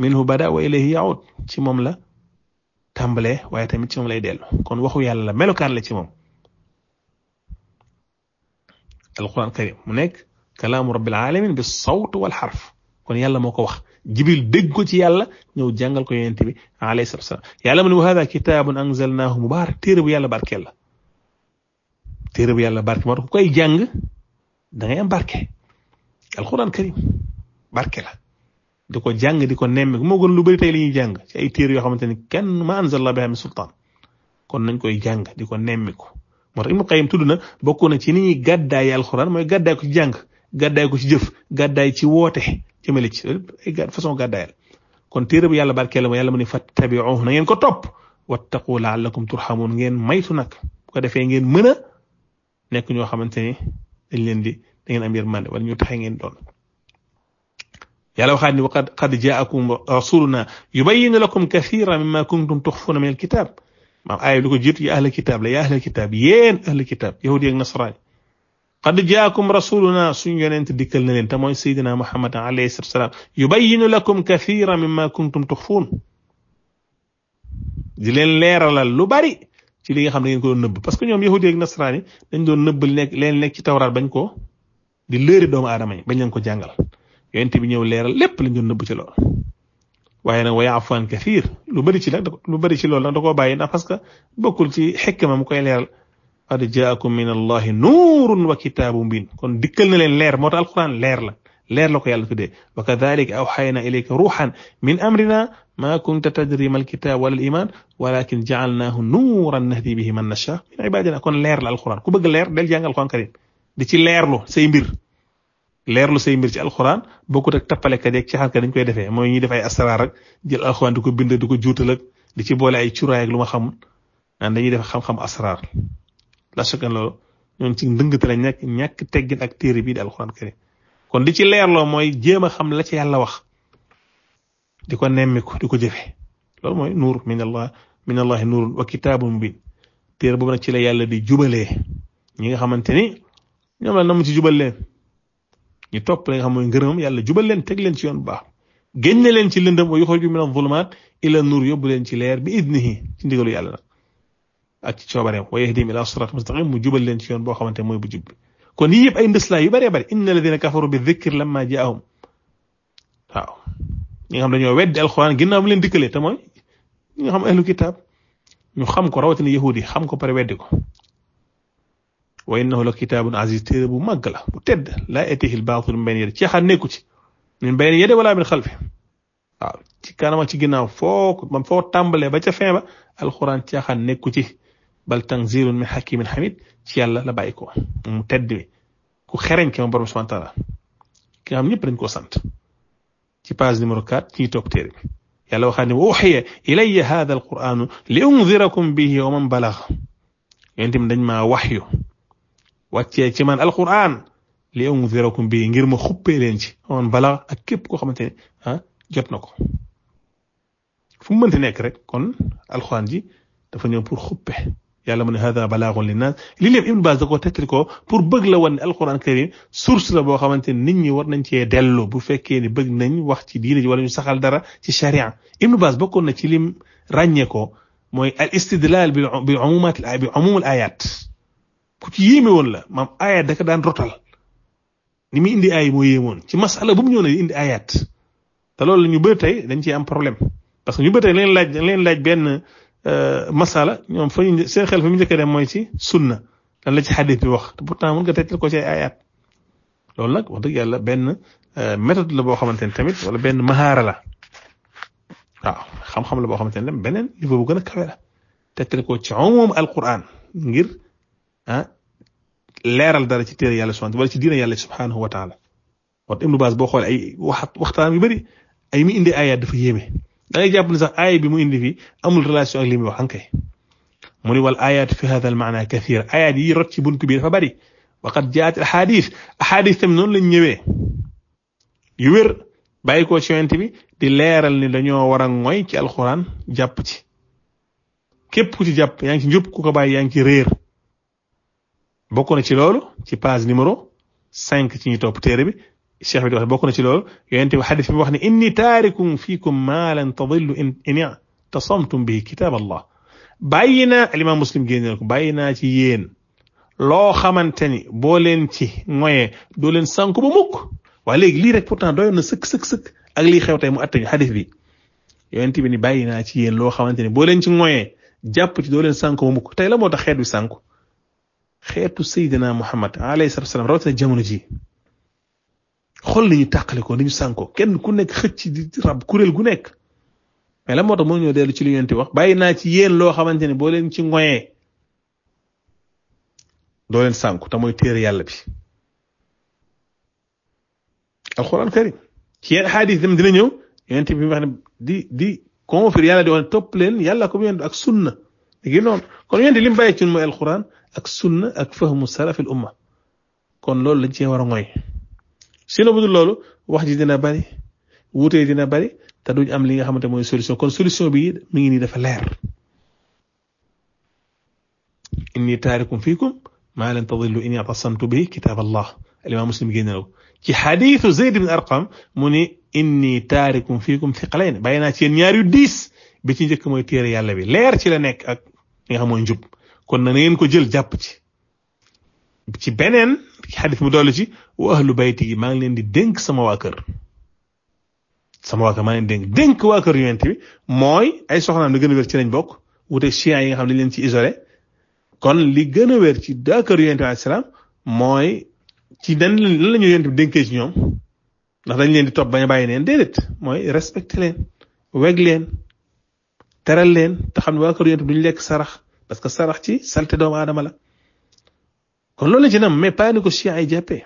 minhu bada wa ilayhi yaud ci moom la tàmbalee waaye tamit ci moom lay dellu kon waxu yàlla la melokaan la ci moom alquran karim mu nekk kalaamu rabbil alamin bi sawt wal xarf kon yàlla moo ko wax jibril dëgg ko ci yàlla ñëw jàngal ko yonent bi alayhi salatu wasalam yàlla mu ni wax hada kitaabun anzalnaahu mubaarak téere bu yàlla barkeel la téere bu yàlla barkeel moo tax ku koy jàng da am barke alxuraan karim barke la di ko jàng di ko nemmeek moo gën lu bëri tey li ñuy jàng ci ay téere yoo xamante ni kenn ma anzalla biha min sultaan kon nañ koy jàng di ko nemmeeku moo tax Ibnu Qayyim tudd na bokk na ci ni ñuy gàddaay mooy gàddaay ko ci jàng gàddaay ci jëf gàddaay ci woote jëmale ci ay façon kon téere bu yàlla barkeela ma yàlla mu ne na ngeen ko topp wattaqu la'allakum turhamun ngeen maytu nag bu ko defee ngeen mën a nekk ñoo xamante ni dañ leen di da ngeen am yërmande wala ñu taxe ngeen doon yàlla waxaat ni wa qad qad jaakum rasuluna yubayyinu lakum kathiran mimma kuntum tuxfuuna min alkitab maam aaya lu ko jiitu ya ahlal kitab la ya ahlal kitab yéen ahlal kitab yahudi ak nasraan qad jaakum rasuluna suñu yonent dikkal na leen te mooy sayyidina muhammad alayhi salatu wasalaam yubayyinu lakum kathiran mimma kuntum tuxfuun di leen leeralal lu bari ci li nga xam ne ngeen ko doon nëbb parce que ñoom yahudi ak nasaraan dañ doon nëbb nekk leen nekk ci tawraat bañ ko di lëri doomu aadama yi bañ leen ko jàngal yonent bi ñëw leeral lépp lañ doon nëbb ci lool waaye nag wa ya'fu an kathiir lu bëri ci nag lu bëri ci loolu nag da koo bàyyi ndax parce que bokkul ci xikma mu koy leeral qad jaakum min allahi nuurun wa kitaabu mubin kon dikkal na leen leer moo ta alquran leer la leer la ko yàlla tuddee wa kadhalika awxayna ilayka ruuxan min amrina ma kunta tadri mal kitab wala al iman walakin jaalnaahu nuuran nahdi bihi man nasha min ibadina ko leer la alquran ku bëgg leer del jàng alquran karim di ci leerlu say mbir leerlu say mbir ci alquran bokkut ak tappalekat yeeg caxaankat dañ koy defee mooy ñuy def ay asrar rek jël alquran di ko di ko juutal ak di ci boole ay curaay lu ma xamul naan dañuy def xam-xam asrar la sukkan loolu ñoon ci ndëngte la ñàkk ñàkk teggin ak téere bii di alquran karim kon li ci leer loo mooy jéem a xam la ci yàlla wax di ko nemmiku di ko jëfe lool mooy nuur min allah min allahi nuurun wa kitaabun mubin téere boobu nag ci la yàlla di jubalee ñi nga xamante ni ñoom la namu ci jubal leen ñu topp li nga xam mooy ngërëmam yàlla jubal leen teg leen ci yoon bu baax génne leen ci lëndëm wa yuxriju min az-zulumaat ila nuur yóbbu leen ci leer bi idnihi ci ndigalu yàlla nag ak ci coobareem wa yahdihim ila siraatin mustaqiim mu jubal leen ci yoon xamante mooy bu jub kon yii yëpp ay ndës laa yu bëree bëri inna alladina kafaru bi dhikri lamma jaahum waaw ñi nga xam dañoo weddi alxuraan ginnaaw mu leen dikkalee te mooy ñi nga xam ahlu kitaab ñu xam ko rawatina yahudi xam ko pare weddi ko wa innahu la kitaabun aziz téere bu màgg la bu tedd laa yatiihi al-baatilu min bayni yadihi caaxaan nekku ci min bayni yadihi wala min xalfi waaw ci ci ginnaaw foo ko foo tàmbalee ba ca fin ba alxuraan caaxaan nekku ci bal tanzilun min xakimin xamid ci yàlla la bàyyi ko mu tedd mi ku xereñ ki ma borom subhanahu wa taala ki nga xam ñëpp dañ koo sant ci page numéro 4 ci ñi topp téere bi yàlla waxaat ne wa uxiya ilayya hada alquranu li undirakum bihi wa man balagh yonent mi dañ maa waxyu wàccee ci man alquran li unzirakum bi ngir ma xuppee leen ci on bala ak képp koo xamante ne ah jot na ko fu mu mënti nekk rek kon alxuraan ji dafa ñëw pour xuppe yàlla mu hada balaagun linnaas Ibn Baaz da koo tekkil ko pour bëgg la wan ne alquran karim source la boo xamante ni nit ñi war nañ cee dellu bu fekkee ni bëgg nañ wax ci diine ji wala ñu saxal dara ci sharia Ibn Baaz bokkoon na ci lim ràññee ko mooy al istidlal bi bi umumat bi umumul ayat ku ci yéeme woon la maam ayat da daan rotal ni muy indi ay moo yéemoon ci masala bu mu ñëw na indi ayat te loolu la ñu bëri tey dañ ci am problème parce ñu bëri tey leen leen laaj Euh, masala ñoom fa ñu seen xel fa mu njëkk a dem mooy ci sunna lan la ci xadis bi wax te pourtant mën nga tegtal ko ci ay ayat loolu nag wax dëgg yàlla benn euh, méthode la boo xamante ne tamit wala benn mahaara la waaw xam-xam la boo xamante ne beneen niveau bu gën a kawe la tegtal ko ci moom alquran ngir ah leeral dara ci téere yàlla subhanahu wala ci diina yàlla subhanahu wa taala wax ibnu baas boo xoolee ay waxat waxtaan yu bëri ay mi indi ayat dafa yéeme da ngay sax aaya bi mu indi fi amul relation ak li muy wax ankay mu ni wal ayat fi hada maana kathira ayat yi rot ci buntu bi fa bari wa qad jaat ahadis ahadis tamit noonu lañ ñëwee yu wér bàyyi ko ci yonent bi di leeral ni dañoo war a ngoy ci alxuraan jàpp ci képp ku ci jàpp yaa ngi ci njub ku ko bàyyi yaa ngi ci réer bokk ci loolu ci page numéro cinq ci ñu topp téere bi cheikh bi di wax bokk na ci loolu yonent bi xadis bi wax ne inni taarikum fiikum maa lan tadillu in i'tasamtum bihi kitaab allah bàyyi naa alimaam muslim génne ko bàyyi naa ci yéen loo xamante ni boo leen ci moyee doo leen sànku ba mukk waaye lii rek pourtant doyoon na sëkk sëkk sëkk ak lii xew tey mu attañu xadis bi yonent bi ni bàyyi naa ci yéen loo xamante ni boo leen ci moyee jàpp ci doo leen sànku ba la moo tax xeet bi sànku xeetu sayyidina mu alayhi salaatu wa salaam rawatina jamono ji xol nañu tàqale ko ni ñu sànko kenn ku nekk xëcc di rab kuréel gu nekk mais la moo tax moo ñoo dellu ci li yonent wax bàyyi naa ci yéen loo xamante ne boo ci ngoyee sànku te mooy téere yàlla bi alxuraan karim ci yenn xaadis dem dina ñëw yonent bi wax ne di di confirmer yàlla di wax ne topp leen yàlla ko yonent ak sunna léegi noonu kon yonent li mu bàyyi ci mooy alxuraan ak sunna ak fahmu salafil umma kon loolu lañ cee war a ngoy si la budul loolu wax ji dina bari wuutee dina bari te duñ am li nga xamante mooy solution kon solution bi mi ngi nii dafa leer inni taarikum fiikum maa lan tadillu in atasamtu bi kitab allah alimaam muslim génne na ko ci xadiisu zeyd bin arqam mu ni inni taarikum fiikum thiqalayn bàyyi naa ci yéen ñaar yu diis bi ci njëkk mooy téere yàlla bi leer ci la nekk ak li nga kon na ngeen ko jël jàpp ci ci beneen xadis mu dolli ci wa ahlu bayti yi maa ngi leen di dénk sama waa kër sama waa kër maa ngi leen di dénk dénk waa kër yonent bi mooy ay soxnaam li gën a ci lañ bokk wute chiens yi xam ne leen ci isolé kon li gën a wér ci daa kër yonent salaam mooy ci dan lan la ñu ñoom ndax dañ leen di topp bañ a bàyyi neen déedéet mooy respecté leen weg leen teral leen te xam ne waa kër yonent bi duñ lekk sarax parce que sarax ci salte doomu aadama la kon loolu lañ ci nam mais pas ni ko chia ay jàppee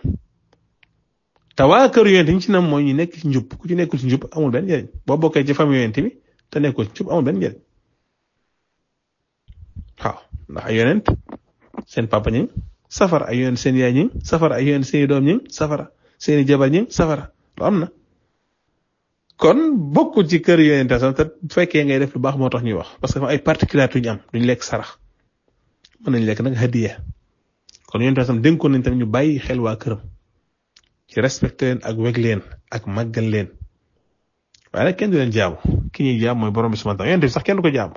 te waa kër yonent ñu ci mooy ñu nekk ci njub ku ci nekkul ci njub amul benn njëriñ boo bokkee ci famille yonent bi te nekkul ci njub amul benn njëriñ waaw ndax a yonent seen papa ñi safara ay yonent seen yaay ñi safara ay yonent seen i doom ñi safara seen i jabar ñi safara lu am na kon bokkul ci kër yonent sax te bu fekkee ngay def lu baax moo tax ñuy wax parce que ay particulier tuñ am duñ lekk sarax mën nañ lekk nag hadiya kon yonent sam dénkoon nañ tamit ñu bàyyi xel waa këram ci respecté leen ak weg leen ak màggal leen waaye nag kenn du leen ki ñuy jaamu mooy borom bi subhanahu wa ta'ala yonent sax kenn du ko jaamu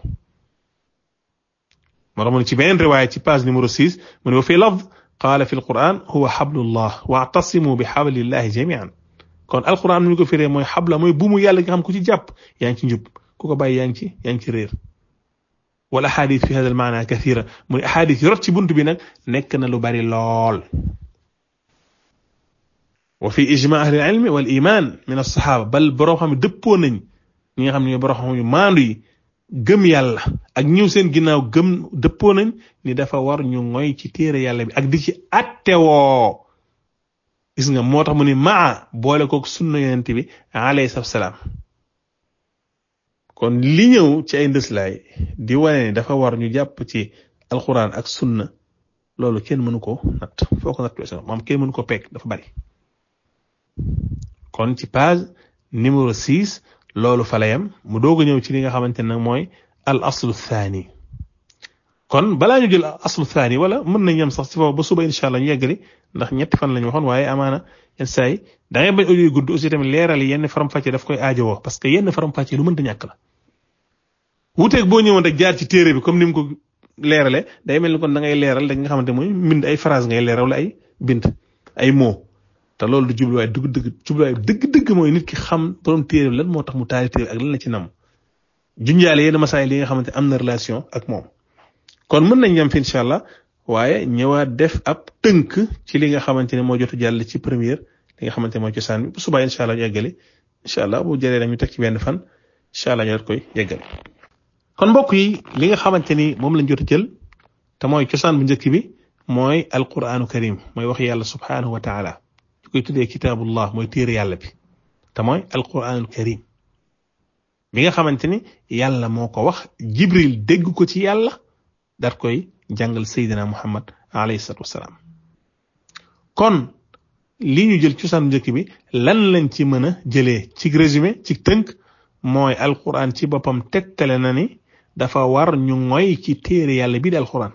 moo tax mu ne ci beneen riwaaya ci page numéro six mu ne wa fi lafz qaala fi alquran huwa hablullah wa'tasimu bi hablillahi jami'an kon alquran nu ñu ko firee mooy xabla mooy buumu yàlla nga xam ku ci jàpp yaa ngi ci njub ku ko bàyyi yaa ngi ci yaa ci réer wala axadis fi hada al maana kathira mu ne axadis ci buntu bi nag nekk na lu bari lool wa fi ijma ahli al ilmi wal iman min alsaxaaba bal borom xam ne dëppoo nañ ñi nga xam ne borom yu maandu yi gëm yàlla ak ñëw seen ginnaaw gëm dëppoo nañ ni dafa war ñu ngoy ci téere yàlla bi ak di ci attewoo gis nga moo tax mu ni maa boole kook sunna yonent bi alayhi salaam kon li ñëw ci ay ndëslaay di wane dafa war ñu jàpp ci alxuraan ak sunna loolu kenn mënu ko natt foo ko natt weesu moom kenn mënu ko peeg dafa bari kon ci page numéro six loolu fa la yem mu doog a ñëw ci li nga xamante ne mooy al aslu thani kon balaa ñu jël aslu thani wala mën nañ yem sax ci foofu yeggali ndax ñetti fan lañu waxoon waaye amaana yenn saa yi da ngay bañ audio yu gudd aussi tamit leeral yenn faram-fàcce daf koy aajowoo parce que ñàkk la. wuuteeg boo ñëwoon rek jaar ci téere bi comme ni ko leerale day mel ni kon da ngay leeral dañ nga xamante mooy mbind ay phrase ngay leeral wala ay bind ay moo te loolu du jubluwaay dëgg dëgg jubluwaay dëgg-dëgg mooy nit ki xam borom téere lan moo tax mu taari téere ak lan la ci nam junjaale yenn masaayil li nga xamante am na relation ak moom kon mën nañ yem fi incha allah waaye ñëwaat def ab tënk ci li nga xamante ne moo jotu jàll ci première li nga xamante mooy cosaan bi bu subaa incha allah allah bu jëlee nag ñu teg ci benn fan incha allah koy yeggale kon mbokk yi li nga xamante ni moom lañ jot a jël te mooy cosaan bu njëkk bi mooy alquraanu karim mooy wax yàlla subhaanahu wa taala ñu koy tuddee kitaabullah mooy téere yàlla bi te mooy alquraanul karim bi nga xamante ni yàlla moo ko wax jibril dégg ko ci yàlla dar koy jàngal sayyidina muhammad alayhi salaatu wasalaam kon lii jël cosaan bu njëkk bi lan lañ ci mën a jëlee ci résumé ci tënk mooy alquran ci boppam tegtale na ni dafa war ñu ngoy ci téere yàlla bi di alxuraan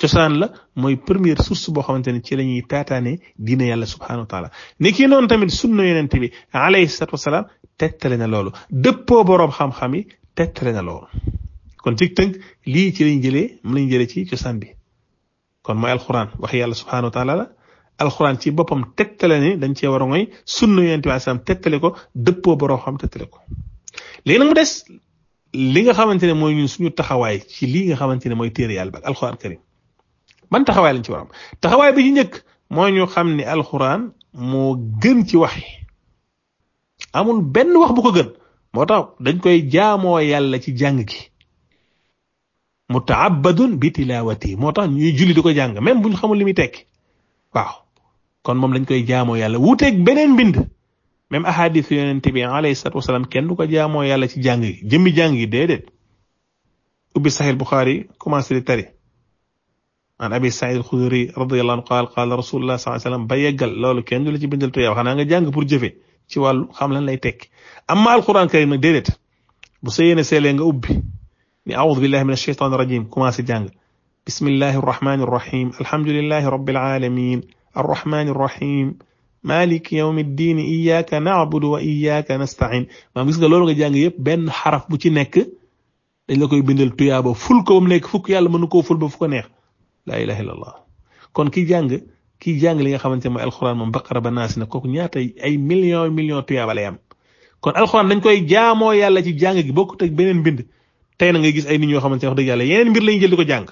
cosaan la mooy première source boo xamante ne ci la ñuy taataane diine yàlla subhanahu wa taala ni ki noonu tamit sunna yonente bi alayhi salatu wasalaam tegtale na loolu dëppoo boroom xam-xam yi tegtale na loolu kon ci tënk lii ci lañ jëlee mu lañ jële ci cosaan bi kon mooy alxuraan wax yàlla subhanahu wa la alxuraan ci boppam tegtale ne dañ cee war a ngoy sunna yonente bi alayhi salaam tegtale ko dëppoo boroom xam tegtale ko li nga xamante ne mooy ñun suñu taxawaay ci lii nga xamante ne mooy téere yàlla ba alxuraan karim man taxawaay lañ ci war taxawaay bi ci njëkk moo ñu xam ne alxuraan moo gën ci wax amul benn wax bu ko gën moo tax dañ koy jaamoo yàlla ci jàng gi mutaabadun bi tilaawati moo tax ñuy julli di ko jàng même buñ xamul li muy tekki waaw kon moom dañ koy jaamoo yàlla wuuteeg beneen mbind même ahadis yonent bi alayhi salaatu wasalaam kenn du ko jaamoo yàlla ci jàng gi jëmmi jàng gi déedéet ubbi saxiix Buxaari commencé di tari an abi Saïd al-Xudri radiyallahu anhu qaal qaal rasulullah sallallahu alayhi wasallam ba yeggal loolu kenn du ci bindal tuyaaba nga jàng pour jëfe wàllu xam lan lay tekki amma alquran karim nag déedéet bu sa na seelee nga ubbi ni a'uudu billahi minash shaytaanir rajiim commencé jàng bismillahir rahmanir rahim alhamdulillahi rabbil alamin arrahmanir rahim malik yawmi diini iyyaka na'budu wa iyyaka nasta'in maam gis nga loolu nga jàng yëpp benn xaraf bu ci nekk dañ la koy bindal tuyaaba ful ko ba mu nekk fukk yàlla mënu koo ful ba neex laa kon ki jàng ki jàng li nga xamante ne mooy alxuraan moom ba naas na kooku ñaata ay millions millions tuyaaba lay am kon alxuraan dañ koy jaamoo yàlla ci jàng gi bokkut ak beneen mbind tey na ngay gis ay nit ñoo xamante ne wax dëgg yàlla yeneen mbir lañ jël ko jàng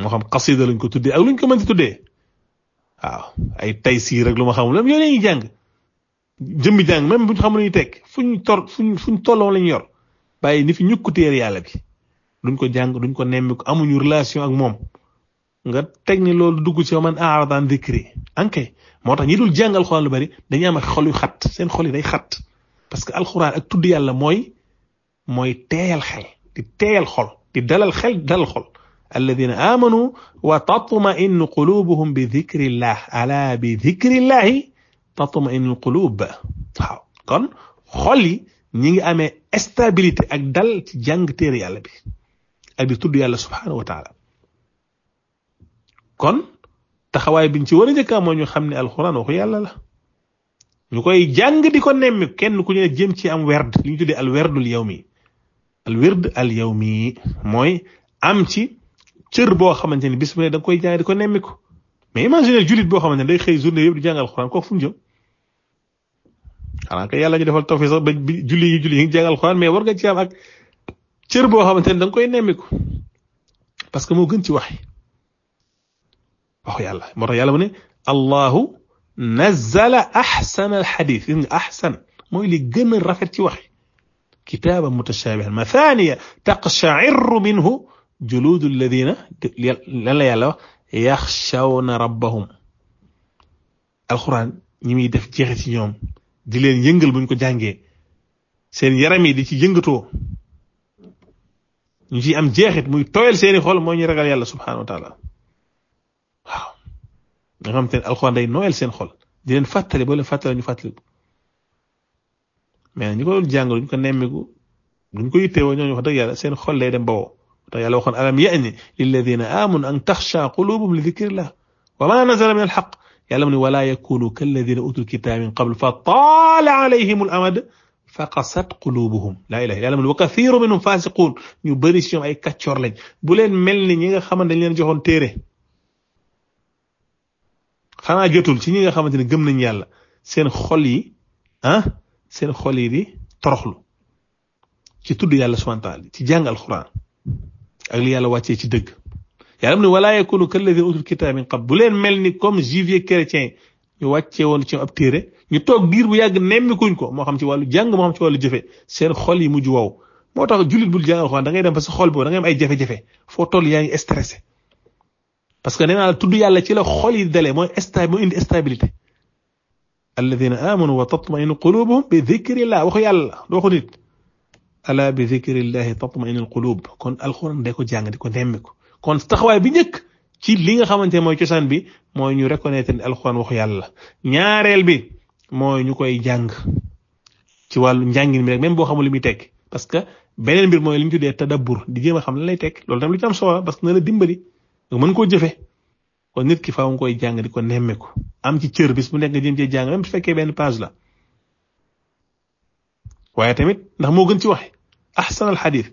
moo xam xasida lañ ko tuddee ak luñ ko mën ti tuddee waaw ay tay sii rek lu ma xamul même yooyu la ñuy jàng jëmmi jàng même bu ñu xamul ñu teg fu ñu tor fu ñu fu ñu tolloo la ñu yor bàyyi ni fi ñukku téere yàlla bi duñ ko jàng duñ ko nemmi ko amuñu relation ak moom nga teg loolu dugg ci man aaradan dikri ankay moo tax ñi dul jàng alxuraan lu bari dañuy am xol yu xat seen xol yi day xat parce que alxuraan ak tudd yàlla mooy mooy teeyal xel di teeyal xol di dalal xel dalal xol alladina amanu wa tatma'innu qulubuhum bi dhikrillah ala bi dhikrillahi tatma'innul qulub waaw kon xol yi ñi ngi amee stabilité ak dal ci jàng téere yàlla bi ak di tudd yàlla subhaanahu wa taala kon taxawaay biñ ci war a njëkkaa moo ñu xam ne alxuraan waxu yàlla la ñu koy jàng di ko nemmi kenn ku ñu ne jëm ci am werd li ñu tuddee al werdul yawmi al werd al yawmi mooy am ci cër boo xamante ni bis bu ne da nga koy jàng di ko nemmiku mais imagine jullit boo xamante ne day xëy journée yëpp di jàngal xuraan kooku fu mu jëm xanaa kay yàlla ñu defal tawfiq sax ba julli yi julli yi ngi jàngal xuraan mais war nga ci am ak cër boo xamante ne da nga koy nemmiku parce que moo gën ci wax waxu yàlla moo tax yàlla mu ne allahu nazzala axsana alxadis gis nga axsan mooy li gën a rafet ci wax kitaaban mutashaabihan mathaniya taqsha'irru minhu juluudul ladina lan la yàlla wax yaxshawna rabbahum alxuraan ñi muy def jeexe ci ñoom di leen yëngal buñ ko jàngee seen yaram yi di ci yëngatoo ñu ciy am jeexit muy tooyal seeni xol mooy ñu ragal yàlla subhaanahu wa taala waaw nga xam te ne day nooyal seen xol di leen fàttali boo leen ñu fàttaliku mais ñu ko doon jàng duñ ko nemmiku duñ ko yittewoo ñooñu wax dëgg yàlla seen xol lay dem bawoo to yàlla waxoon alam yani lilladina amanu an taxsha qulubuhum li dikrillah wama nazala min alxaq yàlla mu ne wala yakunu kalladina utul kitaba min qabl fa taala alayhim al amad fa qasat qulubuhum laa ilaha yàlla mu ne wa ñu bëri si ay kàccoor lañ bu leen mel ni ñi nga xamante dañ leen joxoon téere jotul ci ñi nga xamante ne gëm nañ yàlla seen xol yi ah seen xol ci tudd yàlla subhanahu wa ci jàng ak li yàlla wàccee ci dëgg yàlla mu ne wala yakunu kalladina utul kitaab min qabl bu leen mel ni comme juif chrétien ñu wàccee woon ci ab téere ñu toog diir bu yàgg nemmikuñ ko moo xam ci wàllu jàng moo xam ci wàllu jëfe seen xol yi mujj wow moo tax jullit bul jàng alxuraan dem ba sa xol boobu da ngay ay jafe-jafe foo toll yaa ngi stressé parce que nee naa tudd yàlla ci la xol yi dalee mooy sta moo indi stabilité alladina amanu wa tatmainu qulubuhum bi dhikrillah waxu yàlla la waxu nit ala bi zikrillahi tatma'innul qulub kon alxuraan de ko jàng di ko nemmiku kon taxawaay bi njëkk ci li nga xamante ne mooy cosaan bi mooy ñu reconnaître ne alxuraan waxu yàlla ñaareel bi mooy ñu koy jàng ci wàllu njàngin mi rek même boo xamul li muy tekki parce que beneen mbir mooy li ñu tuddee tadabbur di jéem a xam lan lay tekki loolu tam lu ci am solo que na la dimbali nga mën koo jëfe kon nit ki faaw nga koy jàng di ko am ci cër bis bu nekk nga jëm cee jàng même su fekkee benn page la tamit ndax moo gën ci waxe ahsanal xadis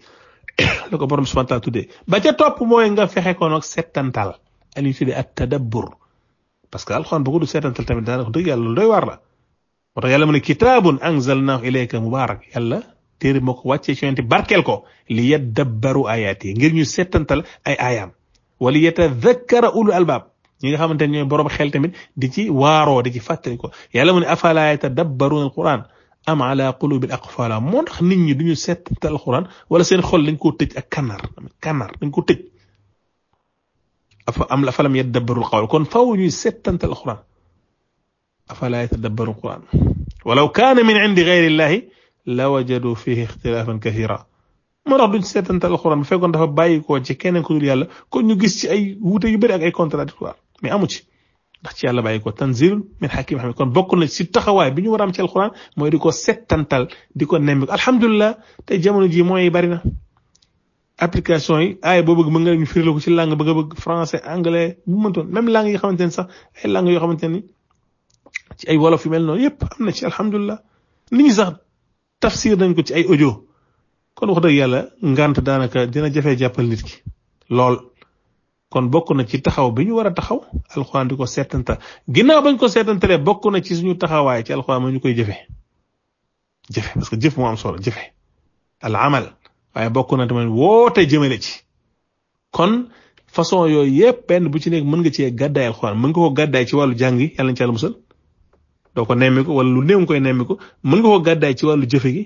la ko borom subhanahu wa ba ca topp mooy nga fexe ko nag settantal ali tuddee at tadabbur parce que alxuraan bu ko du settantal tamit daanaka dëgg yàlla lu doy waar la. moo tax yàlla mu ne kitaabun anzalnaahu ilayka mubaarak yàlla téere moo ko wàccee ci yonent barkeel ko li yaddabbaru ngir ñu settantal ay ayam wala yatadakkara ulul albaab ñi nga xamante ne ñooy borom xel tamit di ci waaroo di ci fàttali ko yàlla mu ne afalaa yatadabbaruuna am ala qulubil aqfala moo tax nit ñi duñu seet alxuraan wala seen xol dañ koo tëj ak kanar kanar dañ ko tëj afa am la falam yadabbarul qawl kon faaw ñuy seetante alxuraan afala yatadabbarul quraan walaw kaana min indi gayrillahi la wajadu fihi ixtilaafan kathira moo tax duñ seetante alxuraan bu fekkoon dafa bàyyi koo ci keneen ku dul yàlla kon ñu gis ci ay wuute yu bëri ak ay contradictoire mais amu ci ndax ci yàlla bàyyi ko tan tanzil min hakim xam kon bokk na si taxawaay bi ñu war am ci alxuraan mooy di ko settantal di ko nemmi ko alhamdulilah tey jamono jii mooy bari na application yi aay boo bëgg mën nga ñu firil ko ci langue ba nga bëgg francais anglais bu mu mëntoon même langue yi xamante ne sax ay langue yoo xamante ni ci ay wolof yu mel noonu yëpp am na ci alhamdulilah nit ñi sax tafsir nañ ko ci ay audio kon wax dëgg yàlla ngant daanaka dina jafe jàppal nit ki kon bokk na ci taxaw bi ñu war a taxaw alxuraan di ko seetantal ginnaaw bañ ko setantalee bokk na ci suñu taxawaay ci alxuraan ma ñu koy jëfe jëfe parce que jëf moo am solo amal waaye bokk na tamit woote jëmale ci kon façon yooyu yépp benn bu ci nekk mën nga cee gàddaay alxuraan mën nga ko ci wàllu jàng yi yàlla na ci yàlla musal doo ko wala lu néew koy nemmiku mën nga ko ci wàllu jëfe gi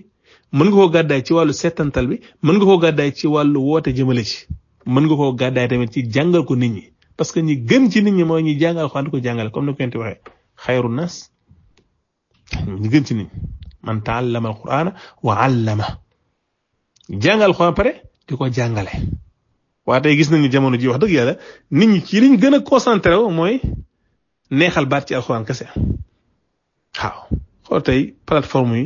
mën nga ko gàddaay ci wàllu setantal bi mën nga koo gàddaay ci wàllu woote jëmale ci mën nga koo gàddaay tamit ci jàngal ko nit ñi parce que ñi gën ci nit ñi mooy ñi jàngal ko ko jàngale comme ni ko yonent waxee xayru nas ñi gën ci nit ñi man taallama alqur'ana wa allama jàngal ko pare di ko jàngale. waa tey gis nañu jamono ji wax dëgg yàlla nit ñi ci liñ gën a concentré wu mooy neexal baat ci alxuraan kese waaw xool tey plateforme yi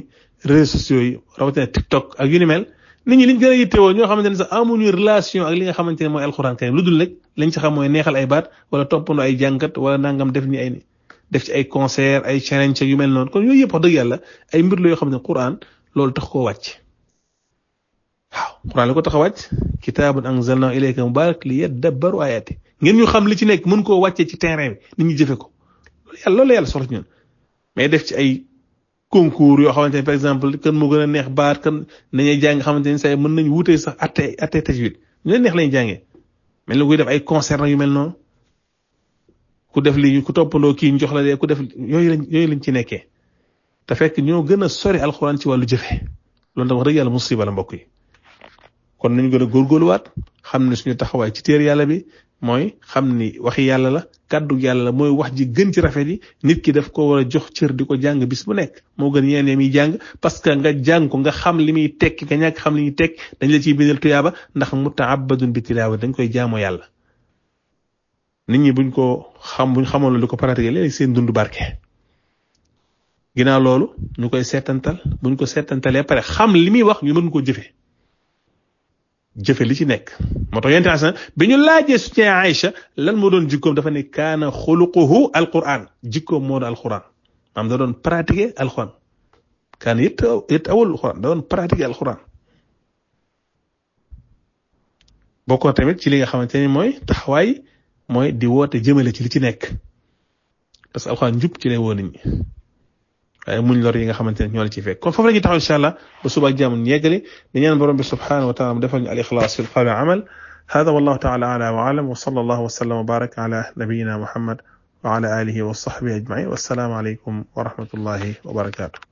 réseaux sociaux yi rawatina TikTok ak yu ni mel. nit ñi liñ gën a yittewoo ñoo xamante ne sax amuñu relation ak li nga xamante mooy alxuraan karim lu dul rek lañ ci xam neexal ay baat wala toppandoo ay jànkat wala nangam def ni ay ni def ay concert ay challenge yu mel noonu kon yooyu yëpp wax dëgg yàlla ay mbir la yoo xam ne Qur'an loolu tax koo wàcc waaw Qur'an li ko tax a wàcc kitaabun anzalnahu ilayka mubarak li yadabbaru ayati ngeen ñu xam li ci nekk mën koo wàccee ci terrain bi nit ñi jëfe ko loolu concours yoo xamante ne par exemple kan moo gën a neex baat kan nañuy jàng xamante ne say mën nañu wutee sax atte atte tajwid ñu leen neex lañuy jàngee mel ni kuy def ay concert yu mel noonu ku def li ku toppandoo kii ñu jox la de ku def yooyu lañ yooyu lañ ci nekkee te fekk ñoo gën a sori alxuraan ci wàllu jëfe loolu da wax dëgg yàlla musiba la mbokk yi kon nañu gën a góorgóorluwaat xam ne suñu taxawaay ci téere yàlla bi mooy xam ni waxi yàlla la kàddu yàlla mooy wax ji gën ci rafet yi nit ki daf ko war a jox cër di ko jàng bis bu nekk moo gën yeneen yi jàng parce que nga jàng ko nga xam li muy tekki nga ñàkk xam li ñuy tekki dañ la ciy bindal tuyaaba ndax mutaabadun bi tilaawa dañ koy jaamoo yàlla. nit ñi buñ ko xam buñ xamoon lu di ko pratiquer léegi seen dundu barke. ginnaaw loolu ñu koy seetantal buñ ko seetantalee pare xam li muy wax ñu mën koo jëfee. jëfe li ci nekk moo tax yonent bi bi ñu laajee suñu Aïcha lan moo doon jikkoom dafa ne kaana xuluquhu alquran jikkoom moo doon alquran maanaam da doon pratiquer alquran kaana yëpp yëpp awal da doon pratiquer alquran bokkoo tamit ci li nga xamante ni mooy taxawaay mooy di woote jëmale ci li ci nekk parce que njub ci lay woo waaye muñ lor yi nga xamante ne ñoo la ci fekk kon foofu la ñuy taxaw incha allah ba suba ak jàmm ñu yeggali di ñaan borom bi subhanahu wa taala mu defal ñu al ixlaas fi lqawli amal hada wallahu taala ala wa alam wa sallallahu wa sallam wa baraka ala nabiyina muhammad wa ala alihi wa sahbihi ajmain wassalaamu aleykum wa rahmatullahi wa barakatuh